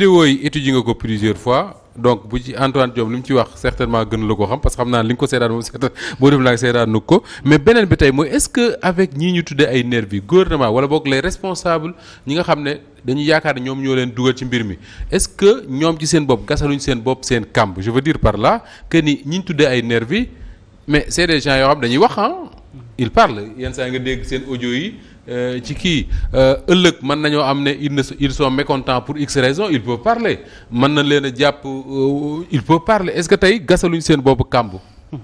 vidéo yi étudié nga ko plusieurs fois donc bu ci Antoine Diome li mu ci wax certainement gën la ko xam parce que xam naa li nga ko seetaan na ko mais beneen bi tey mooy est-ce que avec ñii ñu tuddee ay nervi gouvernement wala boog les responsables ñi nga xam ne dañu yaakaar ne ñoom ñoo leen dugal ci mbir mi est-ce que ñoom ci seen bopp gasaluñ seen bopp seen kamb je veux dire par là que ni ñi ñu tuddee ay nervi mais c'est des gens yoo xam dañuy wax ah ils parlent yenn saa nga dégg seen audio yi Euh, ci kii euh, ëllëg mën nañoo am ne ils ne ils pour x raison ils peuvent parler mën na leen a jàpp euh, il peuvent parler est-ce que tey gasaluñ seen boobu kàmb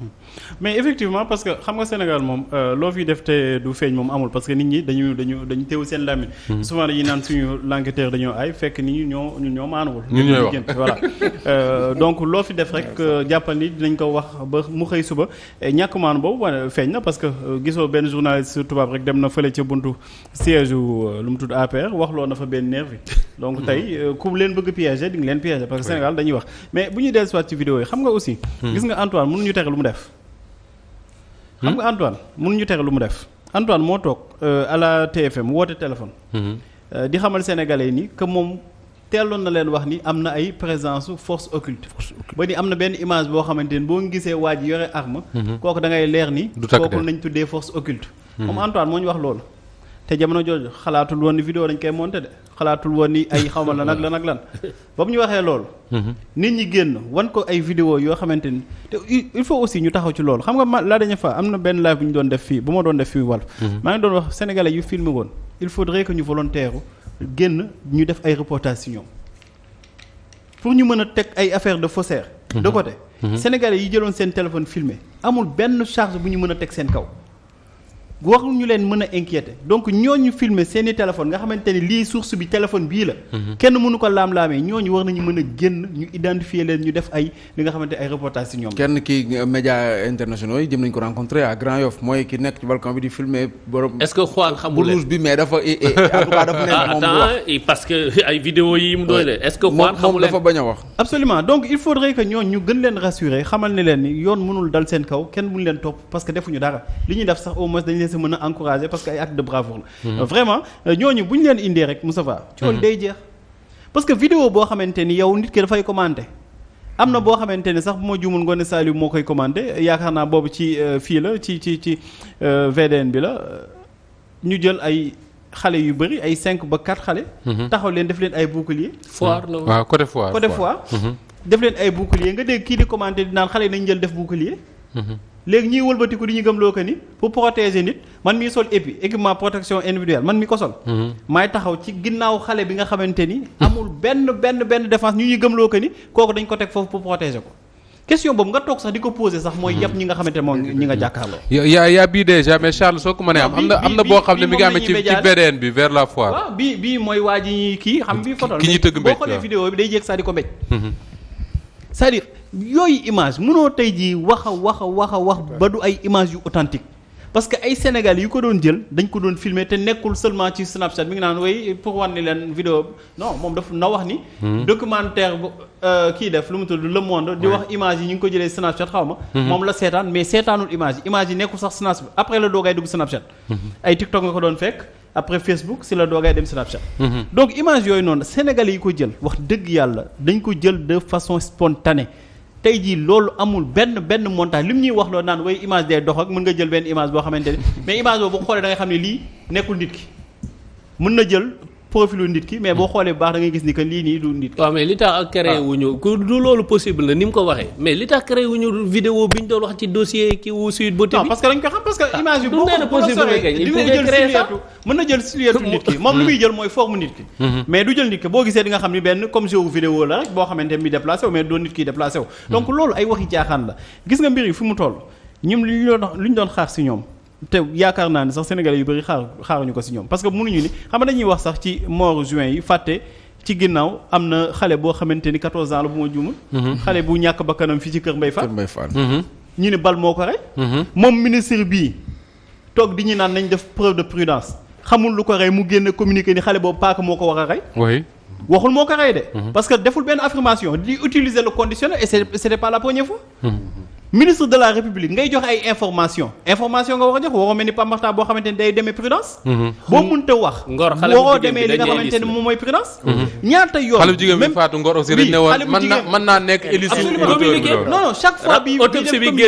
mais effectivement parce que xam nga Sénégal moom euh, loo fi def te du feeñ moom amul parce que nit ñi dañu dañu dañu teew seen làmmiñ mhm. souvent dañuy naan suñu l'enquêteur dañoo ay fekk ni ñu ñoo ñun ñoo maanuwul ñun ñooy wax voilà euh, donc loo fi def rek euh, jàppal ni dinañ ko wax ba mu xëy suba ñàkk maanu boobu feeñ na parce que gisoo benn journaliste tubaab rek dem na fële ca buntu siège lu mu tudd APR wax loo na fa benn nervi donc mhm. tey ku leen bëgg piéger di nga leen piéger parce que Sénégal dañuy wax mais bu ñuy dellusiwaat ci vidéo yi xam mhm. lu mu def xam nga Antoine mun ñu tere lu mu def Antoine moo toog euh, à la TFM woote téléphone. Mhm. Euh, di xamal sénégalais yi ni que moom teeloon na leen wax ni am na ay présence force occulte. ba ni am na benn image boo xamante ni boo gisee waa ji yore arme. Mhm. kooku da ngay leer ni. du kooku nañ tuddee force occulte. Mhm. moom Antoine moo ñu wax loolu. te jamono jooju xalaatul woon ni vidéo dañ koy monté de xalaatul woon ni ay xawma lan ak lan ak lan ba mu ñu waxee loolu. Mhm. nit ñi génn wan ko ay vidéo yoo xamante ni te il faut aussi ñu taxaw ci loolu xam nga ma la dernière fa am na benn live bu ñu doon def fii bu ma doon def fii wàll. Mhm. maa ngi doon wax sénégalais yu filmé woon il faudrait que ñu volontaire génn ñu def ay reportage si ñoom pour ñu mën a teg ay affaire de faussaire. de mhm. côté. sénégalais yi jëloon seen téléphone filmé amul benn charge bu ñu mën a teg seen kaw. warul ñu leen mën a inquiéter donc ñooñu filmer seen i téléphone nga xamante ni lii source bi téléphone bii la mm-hmm. kenn mënu ko laam-laamee ñooñu war nañu mën a génn ñu identifier leen ñu def ay li nga xamante ay reportage si ñoom kenn kii euh, média internationaux yi jëm nañu ko rencontré à Grand Yoff mooy ki nekk ci balcon bi di filmer borom est que Juan xamul rouge bi mais dafa en tout cas ah, parce que ay vidéo yi mu doy leen rassurer que defuñu dara sa mën a encourager parce que ay acte de bravoure la. Euh, vraiment euh, ñooñu bu ñu leen indee rek Moustapha. coono mmh. day jeex parce que vidéo boo xamante ni yow nit ki dafay commenter. am na boo xamante ne sax bu ma juumul Ngoné Saliou moo koy commandé yaakaar naa boobu ci euh, fii la ci ci ci VDN bi la ñu jël ay xale yu bari ay 5 ba 4 xale. Mmh. taxaw leen def leen ay bouclier. foire la waaw côté foire côté mmh. foire. def leen ay bouclier nga dégg kii di commandé di naan xale yi nañ jël léegi ñuy wëlbatiku di ñu gëm loo ko ni pour protéger nit man mi sol épi équipement protection individuelle man mi ko sol. Mm-hmm. maay taxaw ci ginnaaw xale bi nga xamante ni. amul benn benn benn défense ñu ñuy gëm loo ko ni kooku dañ ko teg foofu pour protéger ko. question boobu nga toog sax di ko posé sax mooy yëpp ñi nga xamante ne moom ñi nga jàkkaarloo. yaa yaa bii déjà mais Charles soo ko mënee am. am na am na boo xam ne mi ngi amee ci ci bi vers la foire. bii bii mooy waa ji kii ki ñuy tëgg mbéj boo xoolee vidéo bi ko cest à yooyu image mënoo tey jii wax a wax a wax a wax ba du ay image yu authentique parce que ay Sénégal yu ko doon jël dañ ko doon filmer te nekkul seulement ci Snapchat mi ngi naan way pour wan ni leen vidéo non moom daf na wax ni. Hmm. documentaire bu euh, kii def lu mu tudd Le Monde. di wax image yi ñu ngi ko jëlee Snapchat xaw ma. Hmm. moom la seetaan mais seetaanul image yi image yi nekkul sax Snapchat après la doogay dugg Snapchat. Hmm. ay TikTok nga ko doon fekk. après Facebook si la doogay dem Snapchat. Mhm. donc image yooyu noonu Sénégalais yi ko jël wax dëgg yàlla dañ ko jël de façon spontanée tey jii loolu amul benn benn montage li mu ñuy wax loo naan way image day dox ak mën nga jël benn image boo xamante ne mais image boobu boo xoolee da xam ne lii nekkul nit ki mën na jël. profilu nit ki mais boo hmm. xoolee bu baax da ngay gis ni que lii nii du nit ki. waaw mais li tax ah. wu ñu ku du loolu possible la ni mu ko waxee mais li tax wu ñu vidéo bi ñu doon wax ci dossier ki wu Sweet Beauté bi. parce que dañ ko xam parce que ah, image boo ko boo ko di nga jël silhouette mën na jël silhouette nit ki moom li muy hmm. jël mooy forme nit ki. Hmm. mais du jël nit ki boo gisee di xam ni benn comme jeu vidéo la rek boo xamante mi déplacé te yaakaar naa ne sax sénégalais yu bëri xaar xaaruñu ko si ñoom parce que mënuñu ni xam nga dañuy wax sax ci moru juin yi fàtte ci ginnaaw am na xale boo xamante ni 14 la bu ma juumul. Mhm. xale bu ñàkk bakkanam fii ci Kër Mbaye Fall. Mhm. ñu ne bal moo ko rey. Mhm. moom ministre bii toog di ñu naan nañ def preuve de prudence xamul lu ko rey mu génn communiqué ni xale boobu paaka moo ko war a rey. waxul moo ko rey de. parce que deful benn affirmation di utiliser ministre de la république ngay jox ay information information nga war a jox waroo mel ni pambarta boo xamante ne day demee prudence mhm. boo mënta wax waroo demee li nga xamante moom mooy prudence mhm. ñaata yoon xale bu jigéen bi faatu ngor aussi dañ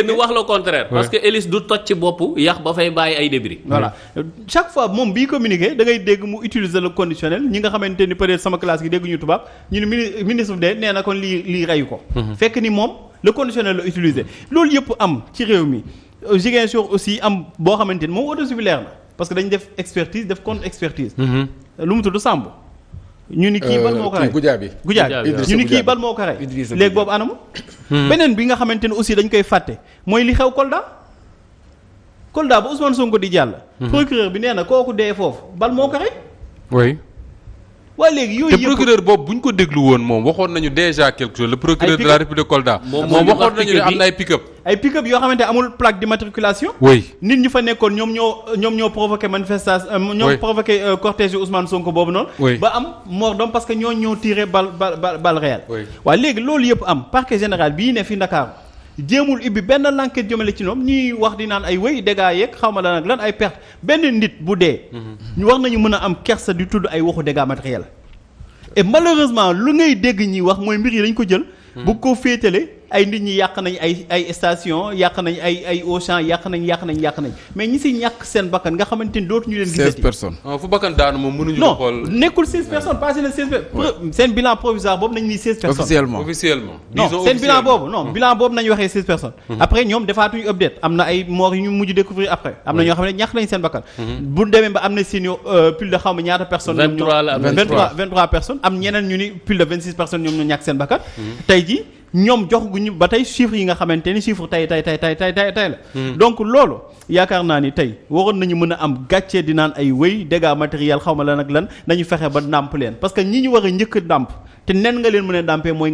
ne wax le contraire parce que élise du toj ci bopp yax ba fay bàyyi ay débris voilà chaque fois moom bii communiqué da dégg mu utiliser conditionnel ñi nga xamante ni sama classe gi dégg ñu tubaab le conditionnel la utiliser loolu yëpp am ci réew mi euh, Ziguinchor aussi am boo xamante ni moom autosuffisance la parce que dañ def expertise def contre expertise. Mm-hmm. lu mu tudd Samb. ñu ni kii euh, bal moo ko rey Goudiaby Goudiaby ñu ni kii bal moo ko rey léegi boobu anamu. Mm-hmm. beneen bi nga xamante ne aussi dañ koy fàtte mooy li xew Kolda. Kolda ba Ousmane Sonko di jàll. Mm-hmm. procureur bi nee na kooku dee foofu bal moo ko rey. waa léegi yooyu te procureur boobu bu ñu ko déglu woon moom waxoon nañu déjà quelque chose le procureur de la république de Kolda. moom waxoon nañu ne am na ay pick-up. ay pick-up yoo xamante amul plaque d'immatriculation. oui nit ñi fa nekkoon ñoom ñoo ñoom ñoo provoqué manifestation. Euh, oui ñoo provoqué euh, cortège yu Ousmane Sonko boobu noonu. oui ba am mort d'homme parce ñoo ñoo tiré bal bal bal réel. oui waa léegi loolu yëpp am parquet général bii ne fi Ndakaaru jéemul ibbi benn l'enquête jëmale ci ñoom ñuy wax di naan ay wéy dégâts yeeg xawma la lan ak ay perte benn nit bu dee. Mhm. wax nañu mën a am kersa di tudd ay waxu dégâts matériels. et malheureusement lu ngay dégg ñi wax mooy mbir yi dañ ko jël. Mhm. bu ko féetalee ay nit ñi yàq nañ ay ay station yàq nañ ay ay Auchan yàq nañ yàq nañ yàq nañ mais ñi si ñàkk seen bakkan nga xamante ni dootuñu leen gisati 16 personnes fu bakkan daanu moom mënuñu non nekkul personnes passé na seen bilan provisoire boobu nañ ni 16 personnes officiellement seen bilan boobu non hmm. bilan boobu nañu waxee 16 personnes hmm. après ñoom defaatuñu update am na ay mort yu ñu mujj découvrir après am na ñoo xam ne ñàkk nañ seen bakkan hmm. bu demee ñoom joxaguñu ba tey chiffres yi nga xamante ni chiffre tey tey tey tey tey tey tey la hmm. donc loolu yaakaar naa ni tey waroon nañu mën a am gàccee di naan ay wéy dégâts matériels xaw ma lan ak lan ñu fexe ba ndàmp leen parce que ñi ñu war a njëkk a ndàmp te nen nga leen mën a ndàmpee mooy nga